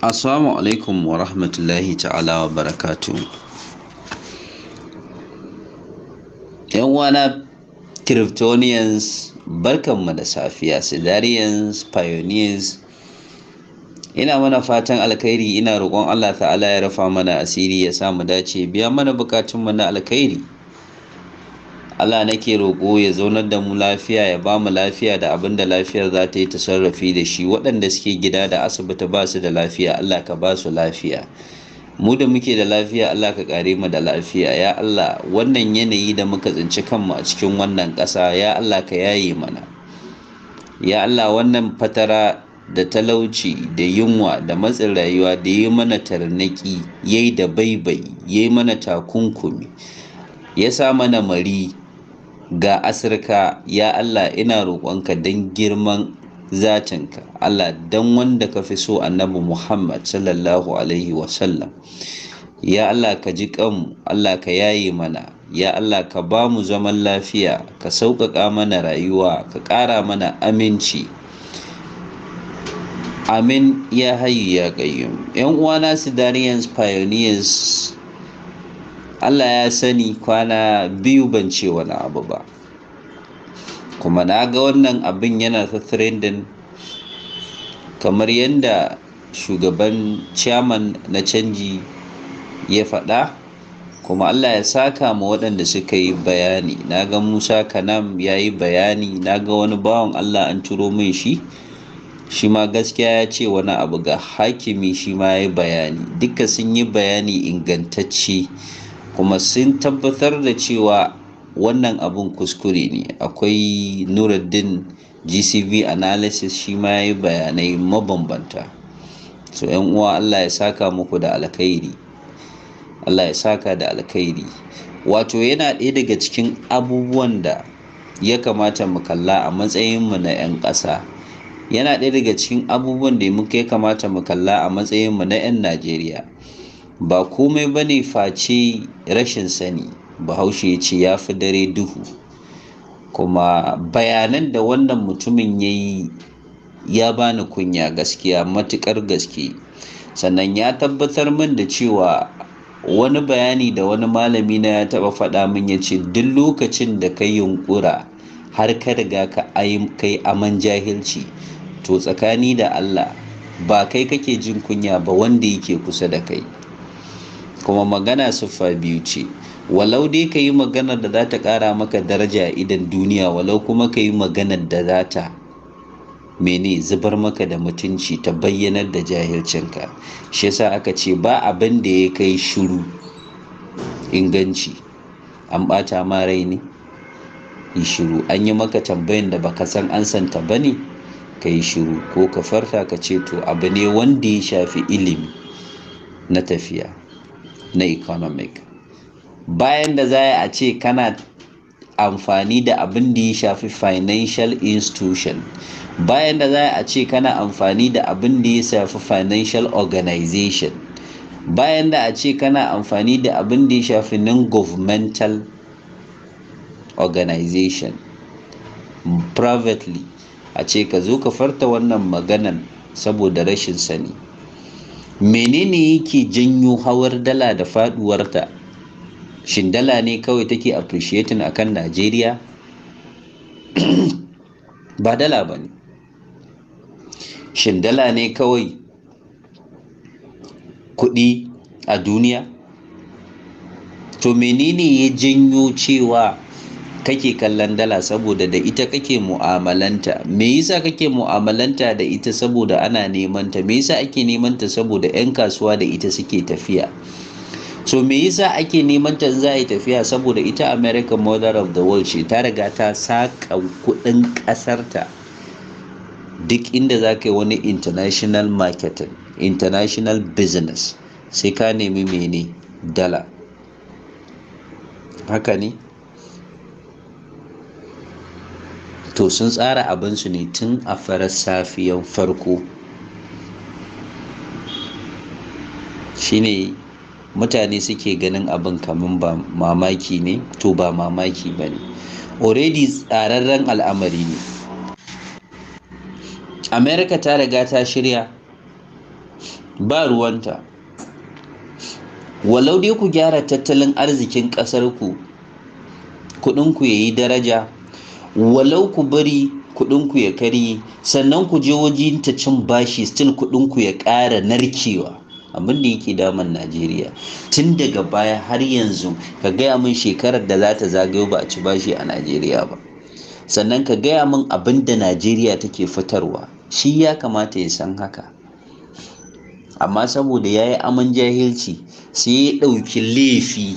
Assalamu alaikum wa rahmatullahi ta'ala wa barakatu. uwana Kryptonians barkanmu da safiya, Sidarians, Pioneers. Ina mana fatan alkhairi ina roƙon Allah ta'ala ya rafa mana asiri ya samu dace biya mana bukatunmu na alkhairi. Allah nake roƙo ya zaunar da mu lafiya ya ba mu lafiya da abin da lafiyar za ta yi tasarrafi da shi waɗanda suke gida da asibiti ba su da lafiya Allah ka ba su lafiya mu da muke da lafiya Allah ka kare mu da lafiya ya Allah wannan yanayi da muka tsinci kanmu a cikin wannan ƙasa ya Allah ka yaye mana ya Allah wannan fatara da talauci da yunwa da matsin rayuwa da yi mana tarnaki yayi da baibai yayi mana takunkumi ya sa mana mari ga asirka ya Allah ina roƙonka don girman zatinka Allah don wanda ka fi so annabi Muhammad sallallahu alaihi wasallam ya Allah ka ji kanmu Allah ka yayi mana ya Allah ka ba mu zaman lafiya ka sauƙaƙa mana rayuwa ka ƙara mana aminci amin ya hayu ya yan uwana su pioneers Allah ya sani kwana biyu ban ce wani abu ba kuma na ga wannan abin yana ta trending kamar yadda shugaban chairman na canji ya faɗa kuma Allah ya saka ma waɗanda suka yi bayani na ga Musa Kanam ya yi bayani na ga wani bawan Allah an turo min shi shi ma gaskiya ya ce wani abu ga hakimi shi ma ya yi bayani duka sun yi bayani ingantacce kuma sun tabbatar da cewa wannan abun kuskure ne akwai nuruddin gcv analysis shi ma ya yi bayanai mabambanta so yan uwa allah ya saka muku da alkhairi allah ya saka da alkhairi wato yana ɗaya daga cikin abubuwan da ya kamata mu kalla a matsayinmu na 'yan ƙasa yana ɗaya daga cikin abubuwan da ya kamata mu kalla a matsayinmu na 'yan najeriya ba komai ba ne face rashin sani bahaushe ya ce ya fi dare duhu kuma bayanan da wannan mutumin ya yi ya bani kunya gaskiya matukar gaske sannan ya tabbatar min da cewa wani bayani da wani malami na ya taba faɗa min ya ce duk lokacin da ka yunkura har ka riga ka kai aman jahilci to tsakani da allah ba kai kake jin kunya ba wanda yake kusa da kai kuma magana siffa biyu ce walau dai ka yi maganar da za ta ƙara maka daraja a idan duniya walau kuma ka yi maganar da za ta mene zubar maka da mutunci ta bayyanar da jahilcinka shi yasa aka ce ba abin da ya kai shuru inganci an ɓata ma rai ne yi shiru an yi maka tambayin da baka san an santa ba ne ka yi shiru ko ka farta ka ce to abu ne wanda ya shafi ilimi na tafiya na economic bayan da za a ce kana amfani da abin da ya shafi financial institution bayan da za a ce kana amfani da abin da ya shafi financial organization bayan da a ce kana amfani da abin da ya shafi non-governmental organization privately a ce ka zo ka farta wannan maganan saboda rashin sani menene yake janyo hawar dala da faduwarta shin dala ne kawai take appreciating akan najeriya ba dala ba shin dala ne kawai kuɗi a duniya to menene ya janyo cewa kake kallon dala saboda da ita kake mu'amalanta me yasa kake mu'amalanta da ita saboda ana neman ta me yasa ake neman ta saboda 'yan kasuwa da ita suke tafiya so me yasa ake neman ta za yi tafiya saboda ita american mother of the world ce ta riga ta saka kudin kasarta duk inda za ka yi wani international marketing international business sai ka nemi mene dala haka ne to sun tsara abinsu ne tun a farar safiyan farko shine mutane suke ganin abin kamar ba mamaki ne to ba mamaki ba ne already tsararren al'amari ne america ta riga ta shirya ba ruwanta walau dai ku gyara tattalin arzikin ku. kuɗinku ya yi daraja walau ku bari kudinku ya kari sannan ku je wajen ta cin bashi still kudinku ya ƙara narkewa abin da yake daman najeriya tun daga baya har yanzu ka gaya min shekarar da za ta zagayo ba a ci bashi a najeriya ba sannan ka gaya min abin da najeriya take fitarwa shi ya kamata ya san haka amma saboda ya yi aman jahilci sai ya ɗauki laifi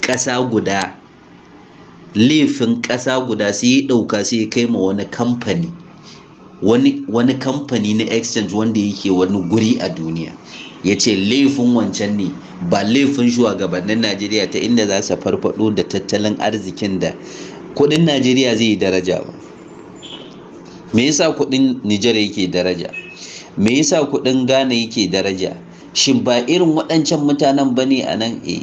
ƙasa guda laifin ƙasa guda sai ya ɗauka sai ya kai ma wani kamfani wani kamfani na exchange wanda yake wani guri a duniya ya ce laifin wancan ne ba laifin shugabannin najeriya ta inda za su farfado da tattalin arzikin da kudin najeriya zai yi daraja ba me yasa kudin nijar yake daraja me yasa kudin ghana yake daraja shin ba irin waɗancan mutanen ba ne a nan eh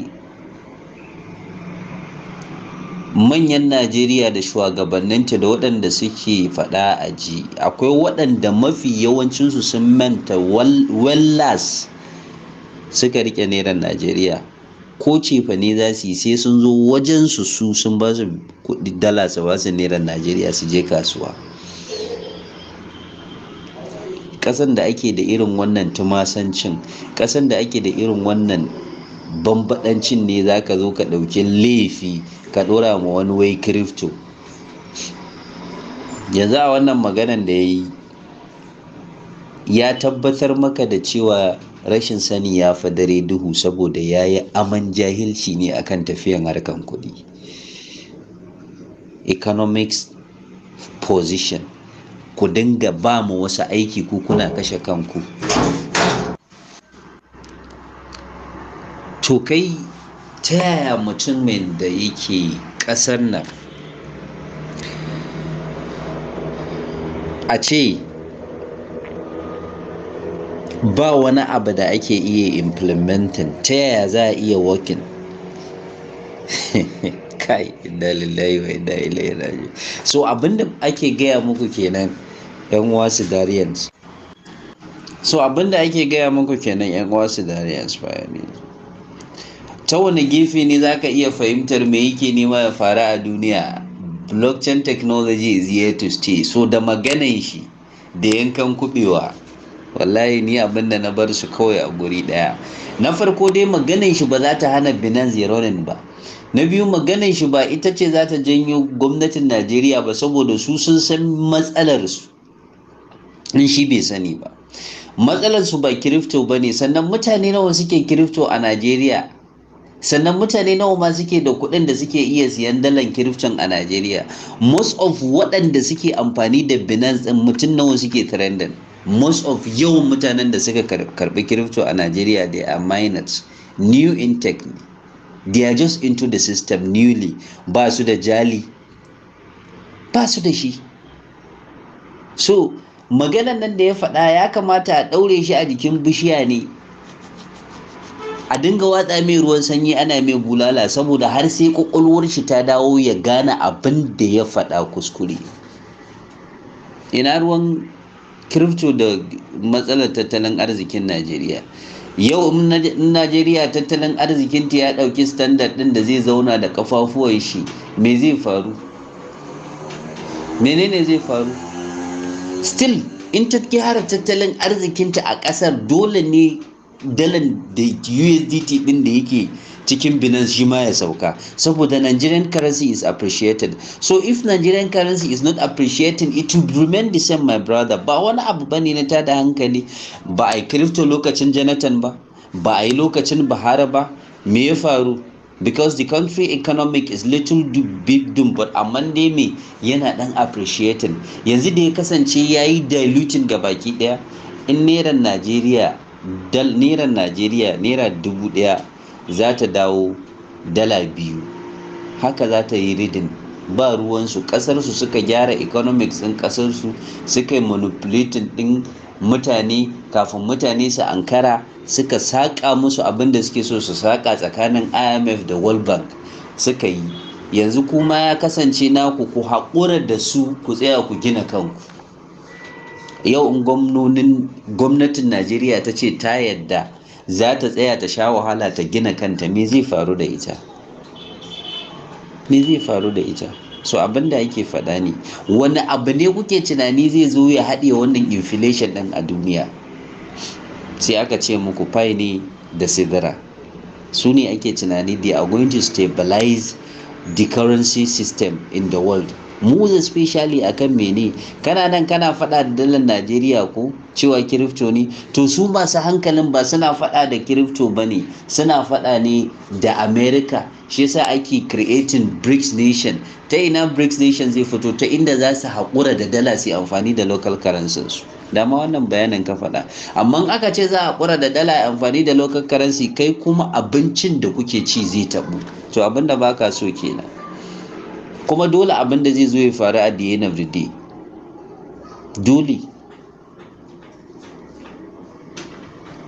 manyan najeriya da shugabanninta da waɗanda suke faɗa a ji akwai waɗanda mafi yawancinsu sun manta wellas suka rike neran najeriya ko cefa ne za su yi sai sun zo wajensu su sun ba su kuɗi dala su ba su neran najeriya su je kasuwa ƙasan da ake da irin wannan tumasancin ƙasan da ake da irin wannan bambadancin ne za ka zo ka ɗauki laifi ka ɗora ma wani wai kirifto yanzu a wannan maganan da ya yi ya tabbatar maka da cewa rashin sani ya fi dare duhu saboda ya yi aman jahilci ne akan tafiyan harkan kuɗi economics position ku dinga ba mu wasu aiki ku kuna kashe kanku to kai ta yaya mutumin da yake ƙasar nan a ce ba wani abu da ake iya implementing ta yaya za a iya working kai inda lillahi wa inda ilaihi raji so abinda ake gaya muku kenan yan uwa su so abinda ake gaya muku kenan yan uwa su bayanai ta wani gefe ne za ka iya fahimtar me yake nema ya faru a duniya blockchain technology is here to stay so da maganan shi da yankan kubewa wallahi ni abinda na bar su kawai a guri daya na farko dai maganan shi ba za ta hana binance ya ba na biyu maganan shi ba ita ce za ta janyo gwamnatin najeriya ba saboda su sun san matsalar su in shi bai sani ba matsalar su ba kirifto ba ne sannan mutane nawa suke kirifto a najeriya sannan mutane nawa ma suke da kuɗin da suke iya siyan dalan kirifcin a Najeriya most of waɗanda suke amfani da Binance ɗin mutum nawa suke trending most of yawan mutanen da suka karbi kirifto a Najeriya they are minors new intake they are just into the system newly ba su da jali ba su da shi so maganan nan da ya faɗa ya kamata a ɗaure shi a jikin bishiya ne a dinga watsa mai ruwan sanyi ana mai bulala saboda har sai kwakwalwar shi ta dawo ya gane abin da ya faɗa kuskure ina ruwan kirifto da matsalar tattalin arzikin najeriya yau in najeriya tattalin arzikinta ya ɗauki standard ɗin da zai zauna da kafafuwan shi me zai faru menene zai faru still in ta gyara tattalin arzikinta a ƙasar dole ne dalan da USDT din da yake cikin Binance shi ma ya sauka saboda Nigerian currency is appreciated so if Nigerian currency is not appreciating it will remain the same my brother ba wani abu bane na tada hankali ba a yi crypto lokacin Jonathan ba ba a yi lokacin Bahara ba me ya faru because the country economic is little do big doom but amma dai me yana dan appreciating yanzu da ya kasance ya yi diluting ga baki daya in neran Najeriya naira najeriya naira dubu ɗaya za ta dawo dala biyu haka za ta yi ridin ba ruwansu ƙasarsu suka gyara economics ɗin ƙasarsu suka yi manipulating ɗin mutane kafin mutane su ankara suka saƙa musu abinda suke so su saƙa tsakanin imf da world bank suka yi yanzu kuma ya kasance naku ku haƙura da su ku tsaya ku gina kanku yau in gwamnatin najeriya ta ce ta yadda za ta tsaya ta sha wahala ta gina kanta me zai faru da ita me zai faru da ita so abin da ake faɗa ne wani abu ne kuke tunani zai zo ya haɗe wannan inflation ɗin a duniya sai aka ce muku fai ne da sidira su ne ake tunani they are going to stabilize the currency system in the world mu a akan mene kana nan kana faɗa da dalar najeriya ko cewa kirifto ne to su masu hankalin ba suna faɗa da kirifto ba ne suna faɗa ne da america shi yasa ake creating brics nation ta ina brics nation zai fito ta inda za su haƙura da dala su amfani da local currencies dama wannan bayanin ka faɗa amma aka ce za a haƙura da dala amfani da local currency kai kuma abincin da kuke ci zai taɓu to abinda baka so kenan kuma dole abin da zai zo ya faru a the end of the day dole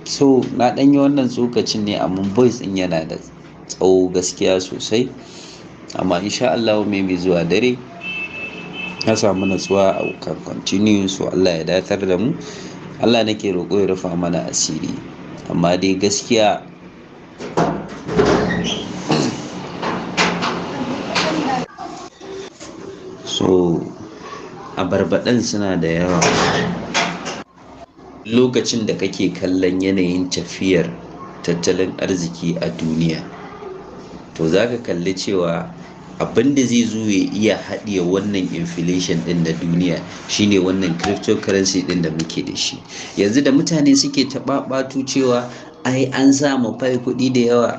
so na yi wannan tsokacin ne amma boys ɗin yana da tsawo gaskiya sosai amma insha Allah mai mai zuwa dare na samu natsuwa a kan continue so Allah ya datar da mu Allah nake roƙo ya rufa mana asiri amma dai gaskiya so abarbaɗan suna da yawa lokacin da kake kallon yanayin tafiyar tattalin arziki a duniya to za ka kalli cewa abin da zai zo ya iya haɗiye wannan inflation ɗin da duniya shine wannan cryptocurrency ɗin da muke da shi yanzu da mutane suke taɓaɓatu cewa ai an samu fai kuɗi da yawa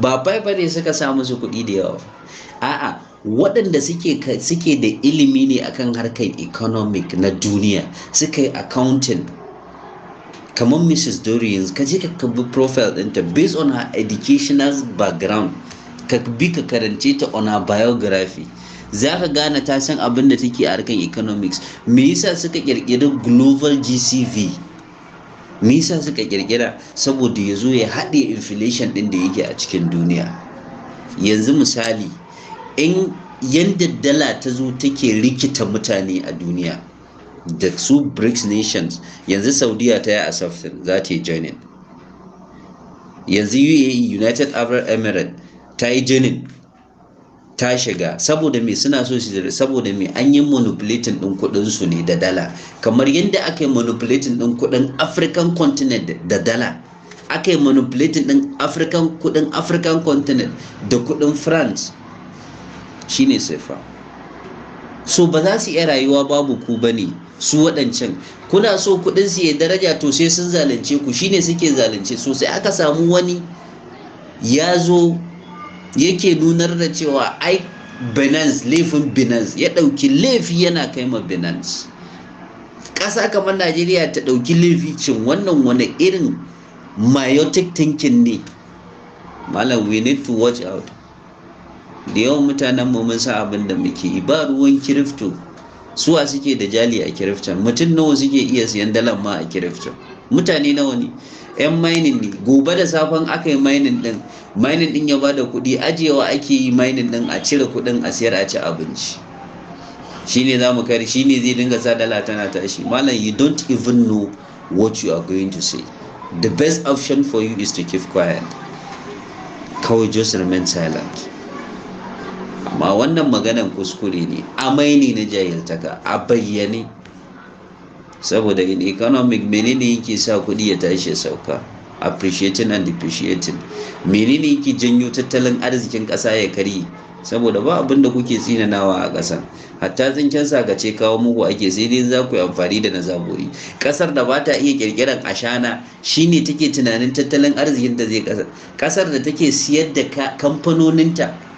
ba fai ba ne suka samu su kuɗi da yawa a'a waɗanda suke da ilimi ne akan harkar economic na duniya suka yi accounting kamar mrs dorian ka je ka kabi profile ɗinta based on her educational background ka bi ka karance ta on her biography za ka gane ta san abin da take a harkar economics me yasa suka kirkiri global gcv me yasa suka kirkira saboda ya zo ya haɗe inflation ɗin da yake a cikin duniya yanzu misali in yadda dala ta zo take rikita mutane a duniya da su brics nations yanzu saudiya ta yi asafin za ta yi joinin yanzu uae united arab emirates ta yi joinin ta shiga saboda me suna so su saboda me an yi manipulating din kudin su ne da dala kamar yadda aka yi manipulating din kudin african continent da dala aka yi manipulating din african kudin african continent da kudin france Shi ne sifa so ba za su iya rayuwa babu ku ba ne, su waɗancan kuna so kuɗin su ya daraja to sai sun zalunce ku shine suke zalunce so sai aka samu wani ya zo yake nunar da cewa ai binance laifin binance ya ɗauki laifi yana kai ma binance ƙasa kamar najeriya ta ɗauki laifi cin wannan wani irin meiotic thinking ne malam we need to watch out da yawan mutanen mu mun sa abin da muke yi ba ruwan kirifto suwa suke da jali a kirifton mutum nawa suke iya siyan dalan ma a kirifton mutane nawa ne yan mining ne gobe da safen aka yi mining din mining din ya ba da kuɗi ajiyewa ake yi mainin din a cire kuɗin a siyar a ci abinci shine za mu Shi shine zai dinga sa dala tana tashi malam you don't even know what you are going to say the best option for you is to keep quiet kawai just remain silent amma wannan maganan kuskure ne amai ne na jahiltaka a bayyane saboda in economic menene yake sa kuɗi ya tashi ya sauka appreciating and depreciating menene yake janyo tattalin arzikin ƙasa ya karye saboda ba abin da kuke nawa a ƙasan hatta tsinken sakace kawo mugu ake sai dai za ku yi amfani da na zaburi ƙasar da ba ta iya ƙirƙirar ashana shine take tunanin tattalin arzikin da zai ƙasar ƙasar da take siyar da kamfanoninta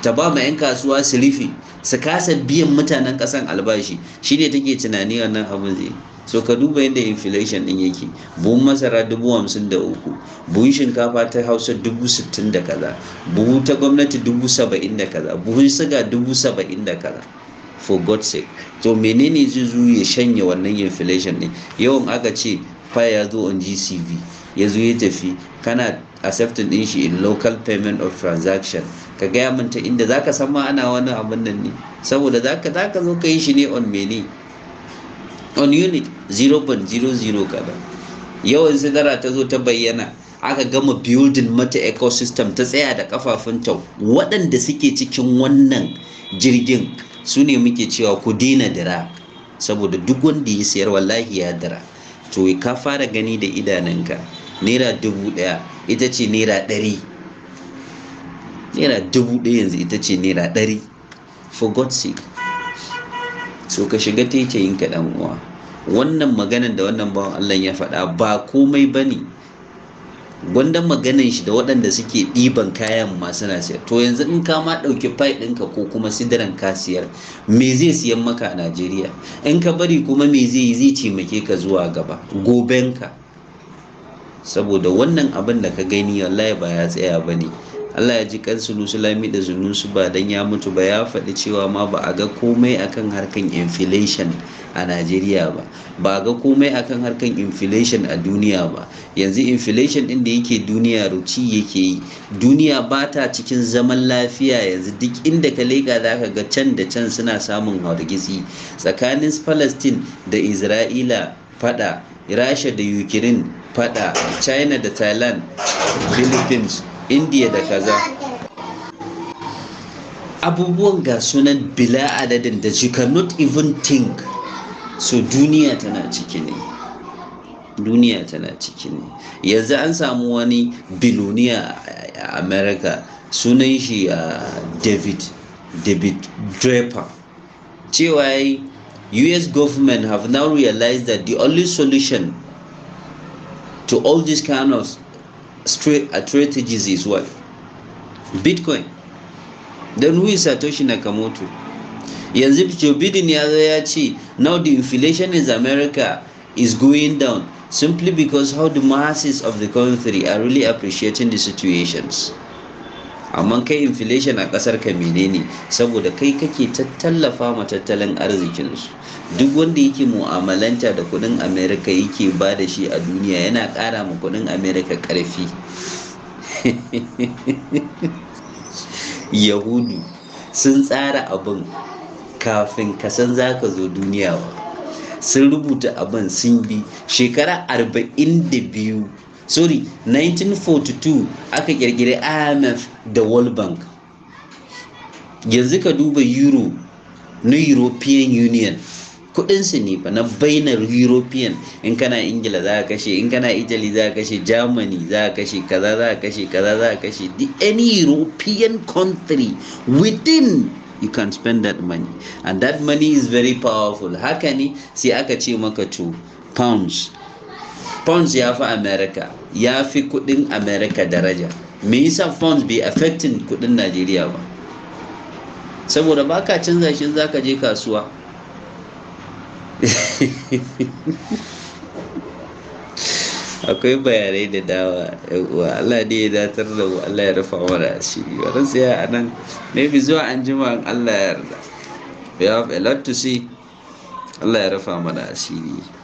ta ba ma 'yan kasuwa su rufe su kasa biyan mutanen kasan albashi shine take tunani wannan abin zai so ka duba yadda inflation din yake buhun masara dubu hamsin da uku buhun shinkafa ta hausa dubu sittin da kaza buhu ta gwamnati dubu saba'in da kaza buhun siga dubu saba'in da kaza for god's sake to menene zai zo ya shanye wannan inflation din yawan aka ce fa ya zo on gcv ya zo ya tafi kana accepting din shi in local payment of transaction ka gaya min ta inda zaka san ma ana wani abin nan ne saboda za ka zo ka yi shi ne on mene on unit 0.00 kaza yawan sidara ta zo ta bayyana aka gama building mata ecosystem ta tsaya da kafafunta waɗanda suke cikin wannan jirgin su ne muke cewa ku daina dira saboda duk wanda ya sayar wallahi ya dira to ka fara gani da idanunka naira dubu ɗaya ita ce naira ɗari naira dubu ɗaya yanzu ita ce naira ɗari for god's sake so ka shiga taitayin yin dan uwa wannan maganan da wannan bawan Allah ya faɗa ba komai ba ne. gwandon maganan shi da waɗanda suke ɗiban kayan masu na to yanzu in ka ma ɗauki fai ɗinka ko kuma sidiran ka siyar me zai siyan maka a najeriya in ka bari kuma me zai yi zai taimake ka zuwa gaba gobenka saboda wannan abin da ka gani wallahi ba ya tsaya ba ne Allah ya ji kansu lami da zununsu ba don ya mutu ba ya faɗi cewa ma ba a ga komai akan harkan inflation a Najeriya ba ba a ga komai akan harkan inflation a duniya ba yanzu inflation ɗin da yake duniya ruci yake yi duniya ba ta cikin zaman lafiya yanzu duk inda ka leƙa za ka ga can da can suna samun hargitsi tsakanin Palestine da Isra'ila fada Rasha da Ukraine fada China da Thailand Philippines indiya da kaza abubuwan ga sunan bila adadin da you cannot even think so duniya tana ciki ne duniya tana ciki ne yanzu an samu wani biloniya a america sunan shi a uh, david david draper cewa us government have now realized that the only solution to all these kind of strategies is what? Bitcoin. Then who is Satoshi Nakamoto? yanzu Joe Biden ya zo ya ce now the inflation in America is going down simply because how the masses of the country are really appreciating the situations. amma kai inflation a kasar ka menene saboda kai kake tattallafa ma tattalin arzikinsu duk wanda yake mu'amalanta da kudin amerika yake ba da shi a duniya yana kara ma kudin amerika karfi yahudu sun tsara abin kafin kasan za ka zo duniya ba sun rubuta abin sun bi shekara 42 sorry 1942 aka kirkiri imf da world bank yanzu ka duba euro na european union kudinsu ne ba na bainar european in kana ingila za ka kashe in kana italy za ka kashe germany za ka kashe kaza za ka kashe kaza za ka kashe the any european country within you can spend that money and that money is very powerful haka ne sai aka ce maka to pounds pounds ya fi america ya fi kudin america daraja me yasa funds bai affecting kudin najeriya ba saboda ba ka canza shi za ka je kasuwa akwai bayanai da dawa wa Allah ne ya datar da mu Allah ya rufa mana asiri Wani sai a nan maybe zuwa an jima an Allah ya yarda we have a lot to see Allah ya rufa mana asiri